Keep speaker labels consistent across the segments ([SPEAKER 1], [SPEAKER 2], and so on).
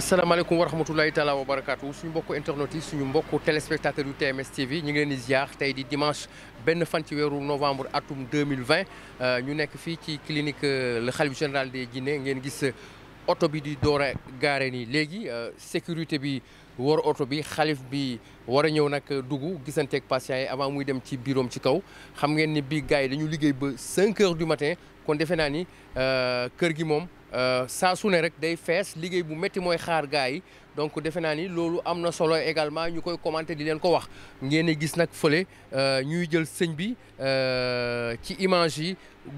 [SPEAKER 1] asalaamaaleykum wa rahmatulahi taala wa barakaatu suñu mbokku internautes yi suñu mbokku téléspectateurs yu TMS TV ñu ngeen leen di ziar tey di dimanche benn fan ci weeru novembre atum 2020 euh, ñu nekk fii ci clinique euh, le khalife général des Guinée ngeen gis euh, oto bi di door a gaare nii léegi sécurité bi war oto bi xalif bi war a ñëw nag dugg gisanteek patient yi avant muy dem ci biiroom ci kaw xam ngeen ni bii gars yi dañu liggéey ba cinq heures du matin kon defe naa ni euh, kër gi moom euh, saa su rek day fees liggéey bu métti mooy xaar gars yi donc defe naa ni loolu am na solo également ñu koy commenté di leen ko wax ngeen gis nag fële euh, ñuy jël sëñ bi ci image yi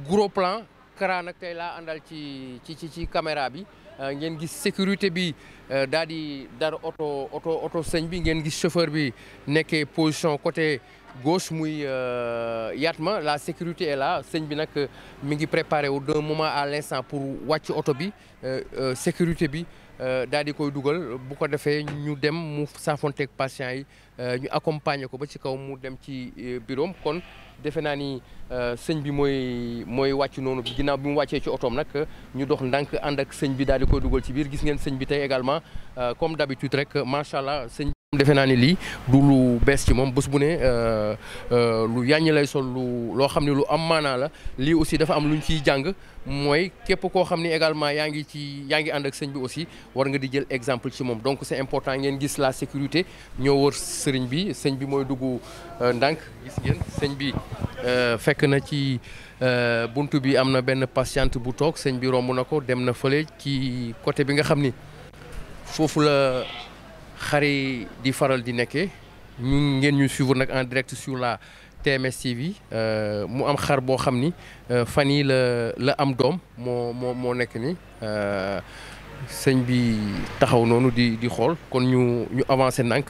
[SPEAKER 1] gros plan Kara nag tey laa àndal ci ci ci ci caméra bi. Euh, ngeen gis sécurité bi euh, daal di dar oto oto oto sëñ bi ngeen gis chauffeur bi nekkee position côté gauche muy euh, ma la sécurité est là sëñ bi nag mi ngi préparé wu d'un moment à l'instant pour wàcc oto bi sécurité bi daal di koy dugal bu ko defee ñu dem mu saafonteeg patient yi ñu accompagner ko ba ci kaw mu dem ci bureau kon. defe naa ni euh, sëñ bi mooy mooy wàcc noonu ginnaaw bi mu wàccee ci otoom nag ñu dox ndànk ànd ak sëñ bi daal di koy dugal ci biir gis ngeen sëñ bi tey également euh, comme d'habitude rek macha allah sëñ defe naa ni lii du lu bees ci moom bés bu ne euh, euh, lu yàññi lay sol lu loo xam ne lu am maanaa la lii aussi dafa am lu ñu ciy jàng mooy képp koo xam ne également yaa ngi ci yaa ngi ànd ak sëñ bi aussi war nga di jël exemple ci moom donc c'est important ngeen gis la sécurité ñoo wër sëriñ bi sëñ bi mooy dugg euh, ndànk gis ngeen sëñ bi fekk na ci bunt bi am na benn patiente bu toog sëñ bi romb na ko dem na fële ci côté bi nga xam ni foofu la. xar yi di faral di nekke ñu ngeen ñu suivre nag en direct sur la TMS TV euh, mu am xar boo xam ni euh, fan yi la la am doom moo moo moo nekk ni euh, sëñ bi taxaw noonu di di xool kon ñu ñu avancé ndànk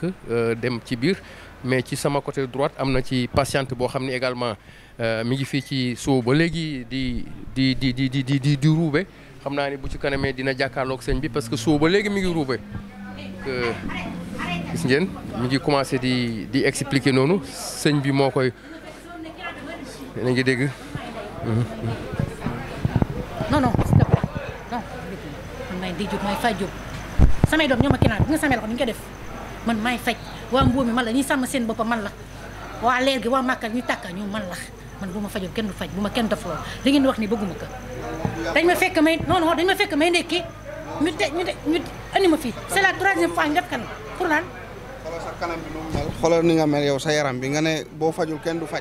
[SPEAKER 1] dem ci biir mais ci sama côté droite am na ci patiente boo xam ni également mi ngi fii ci soo ba léegi di di di di di di di ruube xam naa ni bu ci kanamee dina jàkkaarloog sëñ bi parce que soo ba léegi mi ngi ruube Euh, gis ngeen ñu ngi commencé di di expliquer noonu sëñ bi moo koy yéen a ngi dégg.
[SPEAKER 2] non non s'il te man maay di jóg maay faj jóg samay doom ñoo ma kinaan bi nga samay loxo ni ñu def man maay faj waa mbóo mi man la ñuy sàmm seen boppa man la waa leer gi waa màkka ñu tàkka ñu man la man bu ma fajoo kenn du faj bu ma kenn def loolu li ngeen di wax ni bëgguma ko dañ ma fekk may non dañ ma fekk may ndekki ñu de ñu andi ma fii c'est la troisième fois ñu def kanam pour lan.
[SPEAKER 3] xoolal ni nga mel yow sa yaram bi nga ne boo fajul kenn du faj.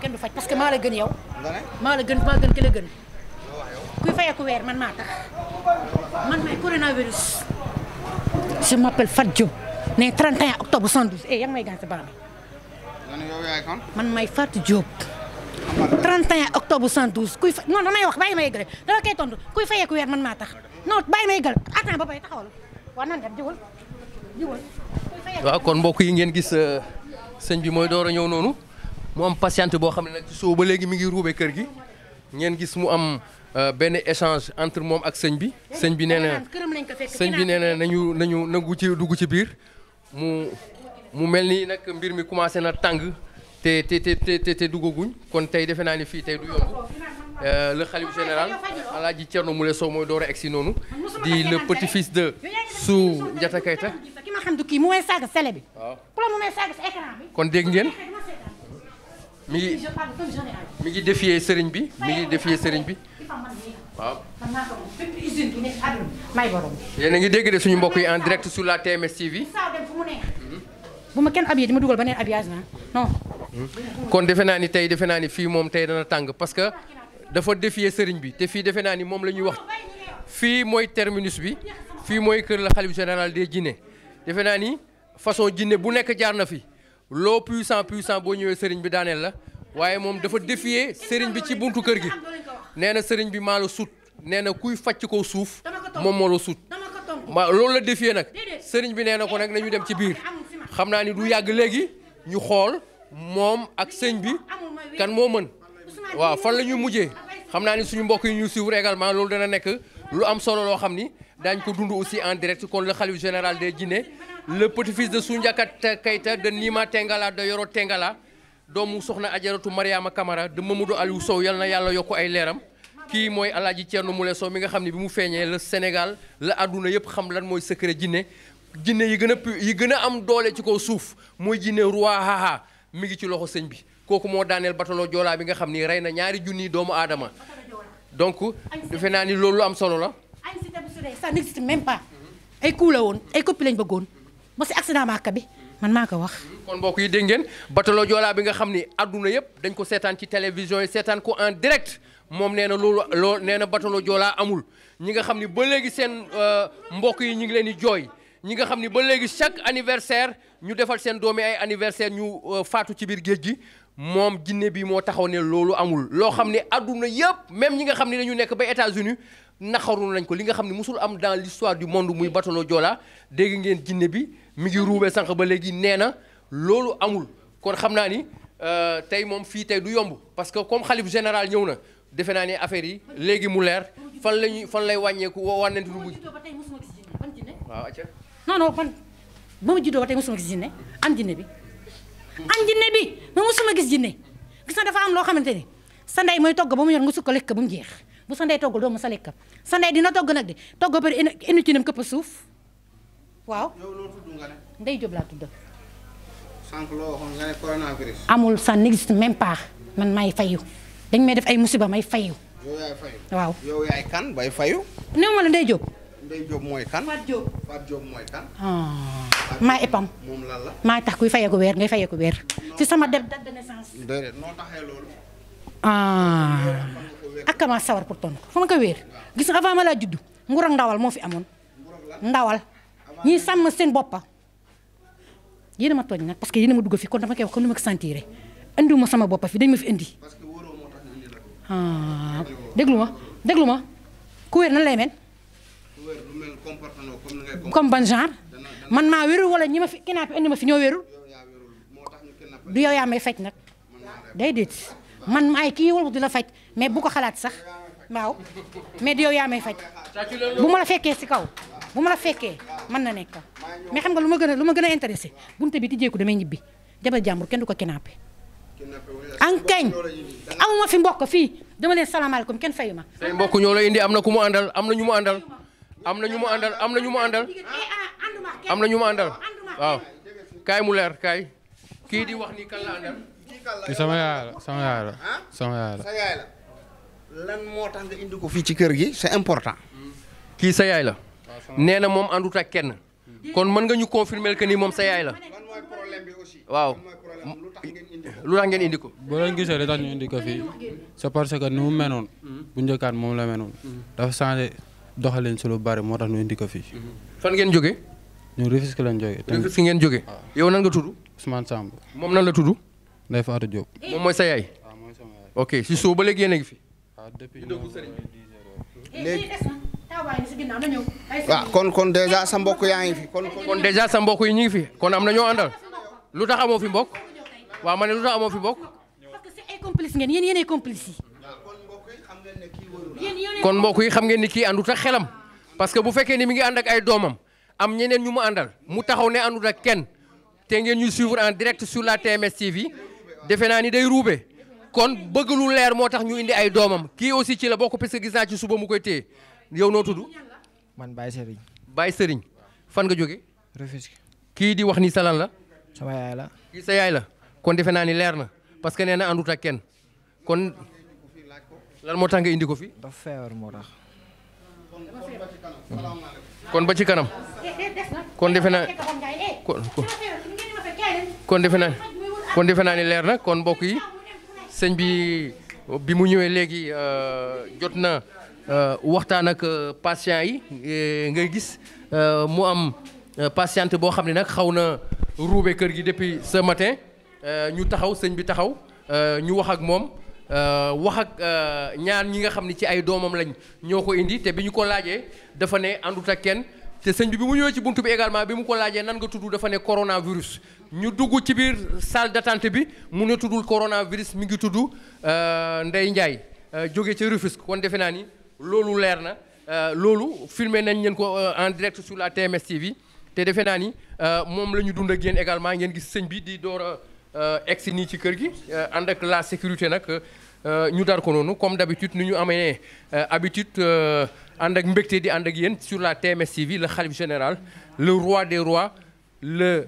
[SPEAKER 2] kenn du faj parce que maa la gën yow. nga maa la gën maa gën ki la gën. kuy fayeeku weer man maa tax man may coronavirus. je m'appelle Fatou Diop né 31 octobre 112 eh yaa ngi may gàncax baram. nga ne yow yaay kan. man may Fatou Diop. 31 octobre 112 kuy fa non wax bàyyi ma yegale dama koy tontu kuy fayeeku weer man maa tax non bàyyi ma yegale attends ba bay taxawal. war
[SPEAKER 1] waaw kon mbokk yi ngeen gis euh, sëñ bi mooy door a ñëw noonu mu am patiente boo xam ne nag soo ba léegi mi ngi ruube kër gi ngeen gis mu am euh, benn échange entre moom ak sëñ bi sëñ bi nee na sëñ bi nee na nañu nañu nagu ci dugg ci biir mu mu mel nii nag mbir mi commencé na tàng te te te te te duggaguñ kon tey defe naa ni fii tey du yomb Euh, le xalif général Alaaji Thierno Moule Sow mooy door a egsi noonu di le petit fils de su Ndiata Keita kon dégg ngeen mi ngi mi ngi défier sëriñ bi mi ngi défier sëriñ bi waaw. ngi dégg de suñu mbokk yi en direct su la TMS TV.
[SPEAKER 2] bu ma kenn abiyee di ma dugal beneen abiyage na
[SPEAKER 1] hmm. kon defe naa ni tey defe naa ni fii moom tey dana tàng parce que. dafa défier sëriñ bi te fii defe naa ni moom la ñuy wax fii mooy terminus bi fii mooy kër la xalif général des jinne defe naa ni façon jinne bu nekk jaar na fi loo puissant puissant boo ñëwee sëriñ bi daaneel la waaye moom dafa défier sëriñ bi ci buntu kër gi nee na sëriñ bi maa la sut nee na kuy fàcc ko suuf moom moo la sut ma loolu la défier nag sëriñ bi nee na ko nag nañu dem ci biir xam naa ni du yàgg léegi ñu xool moom ak sëñ bi kan moo mën waaw fan la ñuy mujjee xam naa ni suñu mbokk yi ñu suivre également loolu dana nekk lu am solo loo xam ni daañ ko dund aussi en direct kon le khalife général des Djinné le petit-fils de Soundiata Keita de Nima tengalaa da Yoro tengalaa doomu soxna ajaratu Mariama Camara de Mamadou Aliou Sow yal na yàlla yokk ay leeram kii mooy alaaji Thierno Moule Sow mi nga xam ne bi mu feeñee le Sénégal la àdduna yëpp xam lan mooy secret jinne jinne yi gën a yi gën a am doole ci kaw suuf mooy jinne roi mi ngi ci loxo sëñ bi kooku moo daaneel batalo joolaa bi nga xam ni rey na ñaari junni doomu aadama donc defe naa ni loolu am solo la.
[SPEAKER 2] ça n'existe même pas ay coup woon ay copie lañ bëggoon ba si accident maaka bi man maa ko wax.
[SPEAKER 1] kon mbokk yi dégg ngeen batalo joolaa bi nga xam ni adduna yëpp dañ ko seetaan ci télévision yi seetaan ko en direct moom nee na loolu loolu nee na batalo joolaa amul ñi nga xam ni ba léegi seen euh, mbokk yi ñu ngi leen di jooy. ñi nga xam ni ba léegi chaque anniversaire ñu defal seen ay anniversaire ñu euh, faatu ci biir géej gi moom jinne bi moo taxaw ne loolu amul loo xam ne àdduna yëpp même ñi nga xam ne dañu nekk ba États-Unis naxaru nañ ko li nga xam ne mosul am dans l'histoire du monde muy batalo Joola dégg ngeen jinne bi mi ngi ruubee sànq ba léegi nee na loolu amul kon xam naa ni euh, tey moom fii tey du yomb parce que comme xalif général ñëw na defe naa ne affaire yi léegi mu leer fan la ñuy fan lay wàññeeku wànnante lu mujj waaw non non man ba ma juddoo ba tey mosuma gis jinne
[SPEAKER 2] am bi am jinne bi ma musuma gis jinne gis na dafa am loo xamante ni sa ndey mooy togg ba mu ñor nga sukk lekk bu mu jeex bu sa ndey toggul doo ma sa lekk sa ndey dina togg nag de togg ba pare inu ci nam këpp suuf waaw. yow loo tudd nga ne. Ndey Jóob laa tudd.
[SPEAKER 3] sànq loo waxoon nga amul ça
[SPEAKER 2] n'existe même pas man maay fayu dañ may def ay musiba may fayu.
[SPEAKER 3] yow yaay waaw yow yaay kan bay fayu.
[SPEAKER 2] néew ma la Ndey Jóob.
[SPEAKER 3] Ndeye Diop mooy kan. Fatou ah. maa epam maa
[SPEAKER 2] tax kuy fayee ko weer ngay fayee ko weer. ci sama date
[SPEAKER 3] de naissance. déedéet noo taxee loolu.
[SPEAKER 2] Ah. ak ma sawar pour tontu fu ma ko weer gis nga avant ma laa juddu nguur ak ndawal moo fi amoon. ndawal ñii sàmm seen boppa yéen a ma tooñ nag parce que yéen a ma dugg fi kon dama koy wax kon nu ma ko sentiré indiwuma sama boppa fi dañ ma fi indi. Ah. déglu ma déglu ma ku weer nan lay comme ban genre man maa wérul wala ñi ma fi kidnappé indi ma fi ñoo wérul du yow yaa faj nag day déet man maay kii wala di la faj mais bu ko xalaat sax waaw mais du yow yaa may faj bu ma la fekkee si kaw bu ma la fekkee mën na nekk mais xam nga lu ma gën a lu ma gën a intéressé bunte bi tijjeeku damay ñibbi jabar jàmbur kenn du ko kidnappé ankañ amuma fi mbokk fii dama leen salaamaaleykum kenn fayu ma.
[SPEAKER 1] say mbokk ñoo la indi am na ku mu àndal am na ñu mu àndal. am na ñu mu àndal am na ñu mu àndal am na ñu mu àndal waaw kaay mu leer kaay kii di wax ni kan la àndal. sama yaay la sama yaay la ah? sama ko fii ci kër gi c'est important. kii sa yaay la. nee na moom àndut ak kenn. kon mën nga ñu confirmer que moom sa yaay la. waaw lu tax ngeen indi ko. boo leen gisee tax ñu indi ko fii c'est parce que ni mu menoon bu njëkkaat moom la menoon dafa changé. doxaleen si lu bari moo tax ñu indi ko fii. Mm-hmm. fan ngeen jógee. ñun Rufisque lañ jógee. Rufisque ngeen jógee. yow nan nga tudd. Ousmane Samb. moom nan la tudd. Ndeye Fatou Diop. moom mooy sa yaay. ok si suba ba léegi yéen a ngi fi. Ah, eh, léegi. waaw kon kon dèjà sa mbokk yaa ngi fi kon. kon dèjà sa mbokk yi ñu ngi fi kon am na ñoo àndal lu tax amoo fi mbokk waaw ma ne lu tax amoo fi mbokk. kon mbokk yi xam ngeen ni kii àndut ak xelam parce que bu fekkee ni mi ngi ànd ay doomam am ñeneen ñu mu àndal mu taxaw ne àndut ak kenn te ngeen ñu suivre en direct sur la TMS TV defe naa ni day ruube kon bëggalu leer moo tax ñu indi ay doomam kii aussi ci la bokk parce que gis naa ci suba mu koy téye yow noo tudd. man Baye Serigne. Baye Serigne fan nga jóge Rufisque. kii di wax ni sa la. la. kii sa yaay la kon defe naa ni leer na parce que nee na àndut ak kenn kon. lan moo tax nga indi ko fi. dafa moo tax. kon ba ci kanam. kon defe naa kon defe naa kon defe naa ni leer na kon mbokk yi sëñ bi bi mu ñëwee léegi euh, jot na euh, waxtaan ak euh, patient yi ngay gis mu am patiente boo xam ne nag xaw na ruube kër gi depuis ce matin ñu taxaw sëñ bi taxaw ñu wax ak moom. Euh, wax ak euh, ñaar ñi nga xam ni ci ay doomam lañ ñoo ko indi te bi ñu ko laajee dafa ne àndut ak kenn te sëñ bi bi mu ñëwee ci buntu bi également bi mu ko laajee nan dafa ne coronavirus ñu dugg ci biir salle d'attente bi mu ne tuddul coronavirus mi ngi tudd euh, Ndeye Ndiaye jóge ca Rufisque kon defe naa ni loolu leer na loolu filme nañ leen ko en direct sur la TMS TV te defe naa ni moom la ñu dund ak yéen également ngeen gis sëñ bi di door a Euh, egg si nii ci kër gi euh, ànd ak la sécurité nag euh, ñu dar ko noonu comme d'habitude ni ñu amee habitude ànd ak mbégte di ànd ak yéen sur la TMS TV la khalife général le roi des rois le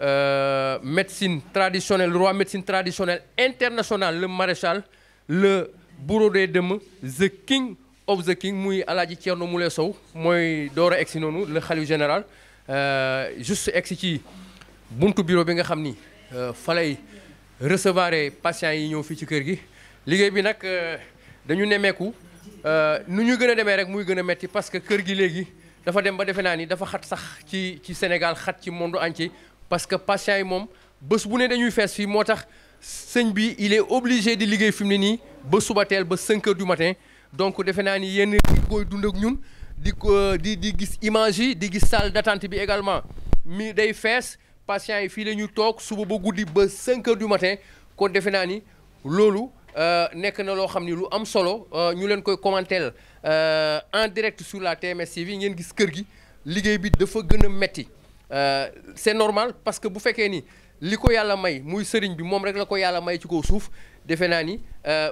[SPEAKER 1] euh, médecine traditionnelle le roi médecine traditionnelle internationale le maréchal le bourreau des dëmm the king of the king muy alaaji Thierno Moule Sow mooy door a egg noonu le khalife général juste egg si ci buntu bureau bi nga xam ni. Euh, fa lay recevoir patients yi ñëw fii ci kër gi liggéey bi nag euh, dañu nemmeeku euh, nu ñu gën a demee rek muy gën a metti parce que kër gi léegi dafa dem ba defe naa ni dafa xat sax ci ci Sénégal xat ci monde entier parce que patients yi moom bés bu ne dañuy fees fii moo tax sëñ bi il est obligé di liggéey fi mu ne nii ba suba teel ba 5 du matin donc defe naa ni yéen di koy dund ak ñun di ko di di gis image di gis salle d'attente bi également mi day fees patients yi fii la toog suba ba guddi ba 5 heures du matin kon defe naa ni loolu euh, nekk na loo xam ni lu am solo euh, ñu leen koy commenter euh, en direct sur la TMS TV ngeen gis kër gi liggéey bi dafa gën a metti c'est normal parce que bu fekkee ni li ko yàlla may muy sëriñ bi moom rek la ko yàlla may ci ko suuf defe naa ni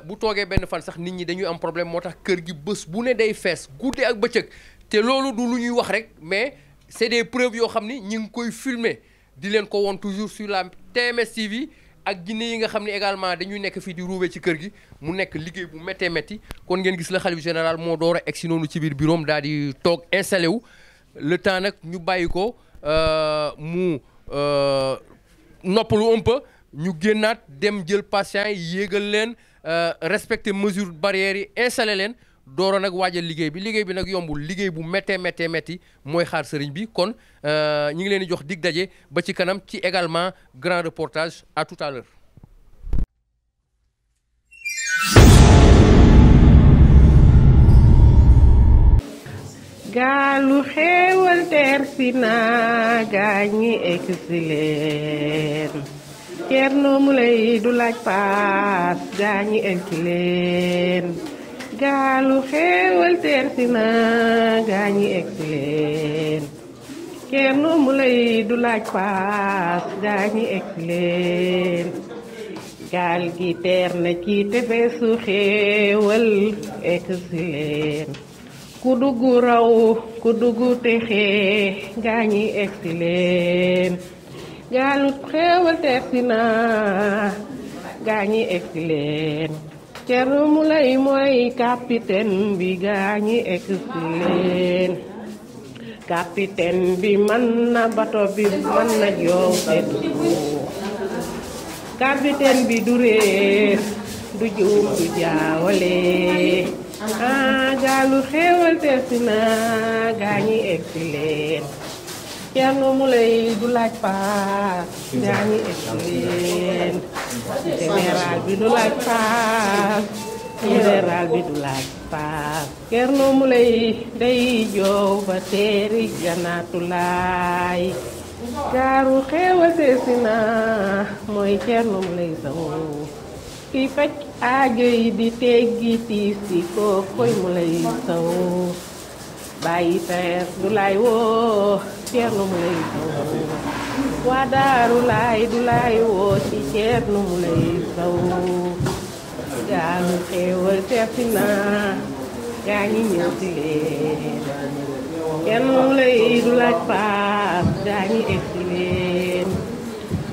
[SPEAKER 1] bu toogee benn fan sax nit ñi dañuy am problème moo tax kër gi bës bu ne day fees guddi ak bëccëg te loolu du lu ñuy wax rek mais c'est des preuves yoo xam ni ñi ngi koy filmer di leen ko won toujours sur la TMS TV ak jinne yi nga xam ne également dañuy nekk fii di ruubee ci kër gi mu nekk liggéey bu méttee métti kon ngeen gis la xalif général moo door a egg noonu ci biir bureau daal di toog installé wu le temps nag ñu bàyyi ko euh, mu euh, noppalu un ñu génnaat dem jël patient yi yéegal leen euh, respecter mesure barrières yi installé leen. dooro nag waajal liggéey bi liggéey bi nag yombul liggéey bu méttee méttee métti mooy xaar sëriñ bi kon euh, ñi ngi leen di jox dig daje ba ci kanam ci également grand reportage à tout à l'heure
[SPEAKER 3] laaj paas gaalu xeewal teer si na gaañi egsi leen kenn mu lay du laaj paas gaañi egsi leen gaal gi teer na ci tefesu xeewal egsi leen ku dugg raw ku dugg texe gaañi egsi leen gaalu xeewal teer si na gaañi egsi leen Thierno Moulay mooy capitaine bi gaañi exilé capitaine bi mën na bato bi mën na joow te du capitaine bi du réer du juum jaawale ah, gaalu xéewal teesi na gaañi exilé Thierno Moulay du laaj paas gaañi exilé général bi du laaj paas général bi du laaj paas Cerno Mulay day joow ba teeri ganaatu laay gaaru xeewa seesi na mooy Cerno Mulay Sow kiy faj aajo yi di teggi tiis yi koo koy Mulay Sow bàyyi peer du lay woo ceerno mu lay saw waa daaru laay du lay woo ci ceerno mu lay saw gaalu xéewal seeti na gaa ngi ñëw ci leen ceerno mu lay du laaj paas gaa ngi egg ci leen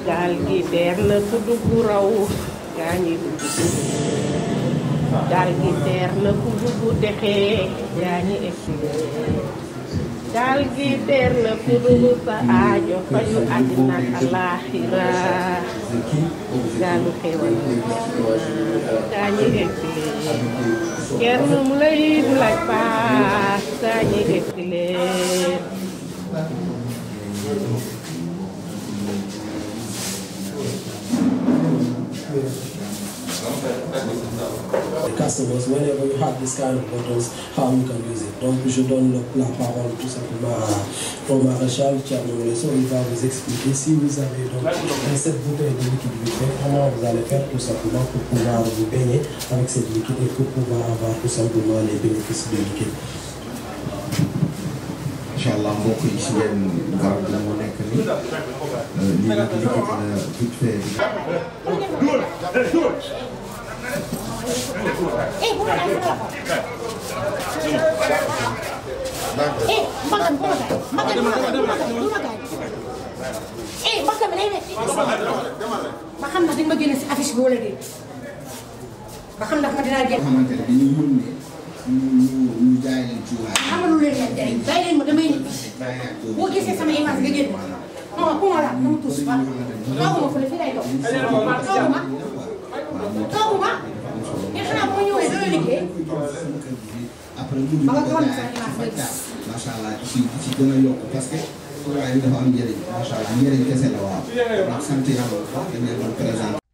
[SPEAKER 3] gaal gi deer la ku dugg raw gaa ngi dugg daal gi teer na ku dugg texe yaa ñi egsi daal gi teer na ku dugg sa aajo fayu àddina ak alaaxira daalu xewal yaa ñi egsi kenn mu lay du laaj paas yaa ñi egsi leen
[SPEAKER 1] customers, whenever you have this kind of models, how you can use it. Donc, je donne la parole tout simplement à Omar Rachel, qui a le son, il va vous eh? expliquer. Si vous eh? avez donc cette bouteille de liquide buffet, comment eh? vous allez faire tout simplement pour pouvoir vous baigner avec cette liquide et pour pouvoir avoir tout simplement les bénéfices de liquide.
[SPEAKER 3] incha allah mbokk yi si ngeen garab gi moo nekk nii lii nag liggéey na vite fait. 哎，我
[SPEAKER 2] 来吃了。哎，马干马干马干马干马干马干。eh ma xam ma xam ndax ma génne si affiche bi wala déet ma xam ndax ma dinaa génn. xamante
[SPEAKER 3] ne dañuy yónnee ñu ñu jaay leen cuuraay.
[SPEAKER 2] xamalul leen lan jaay bàyyi leen ma damay nit
[SPEAKER 3] boo gisee sama image nga
[SPEAKER 2] génn ma ma ku ma laal dama tuus fa tooguma fële fii lay dox tooguma tooguma mais xanaa boo ñëwee dana liggéey.
[SPEAKER 3] après mu ma ko macha allah ci ci gën a yokk parce que programme yi dafa am njëriñ macha allah njëriñ kese la waaw. waaw sant yàlla bu baax dañ leen doon présenté.